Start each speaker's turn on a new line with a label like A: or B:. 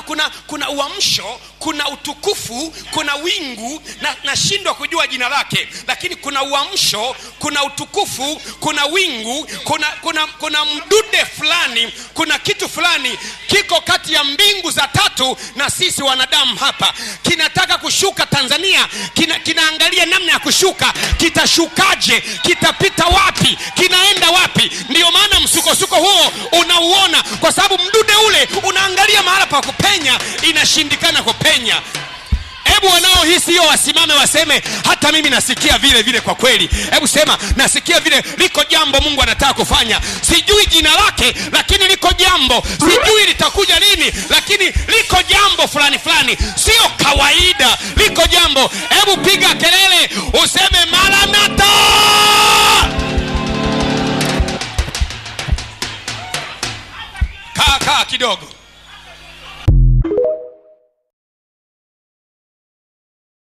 A: kuna kuna kuna uamsho, kuna utukufu, kuna wingu na nashindwa kujua jina lake, lakini kuna uamsho, kuna utukufu, kuna wingu, kuna kuna kuna mdude fulani, kuna kitu fulani kiko kati ya mbingu za tatu na sisi wanadamu hapa, kinataka kushuka Tanzania, kina, kinaangalia namna ya kushuka, kitashukaje? Kitapita wapi? Kinaenda wapi? Ndiyo maana msukosuko huo una pa kupenya inashindikana kupenya. Hebu wanaohisi hiyo wasimame waseme, hata mimi nasikia vile vile. Kwa kweli, hebu sema, nasikia vile. Liko jambo Mungu anataka kufanya, sijui jina lake, lakini liko jambo, sijui litakuja lini, lakini liko jambo fulani fulani, sio kawaida, liko jambo. Hebu piga kelele useme Maranatha.
B: Kaa kaa kidogo.